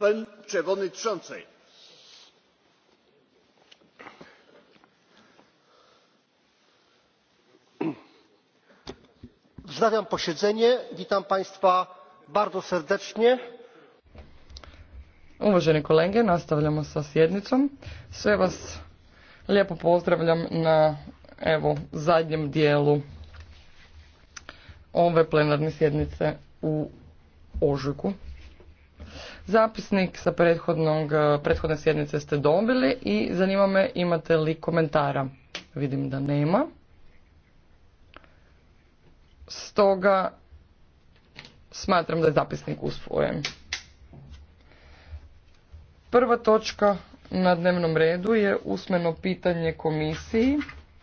pani przewodniczący! wznawiam posiedzenie. witam państwa bardzo serdecznie. uvaženi kolege nastavljamo sa sjednicom. sve vas lijepo pozdravljam na evo zadnjem dijelu ove plenarne sjednice u ožujku. Zapisnik sa prethodnog, e, prethodne sjednice ste dobili i zanima me imate li komentara. Vidim da nema. Stoga smatram da je zapisnik usvojen. Prva točka na dnevnom redu je usmeno pitanje komisiji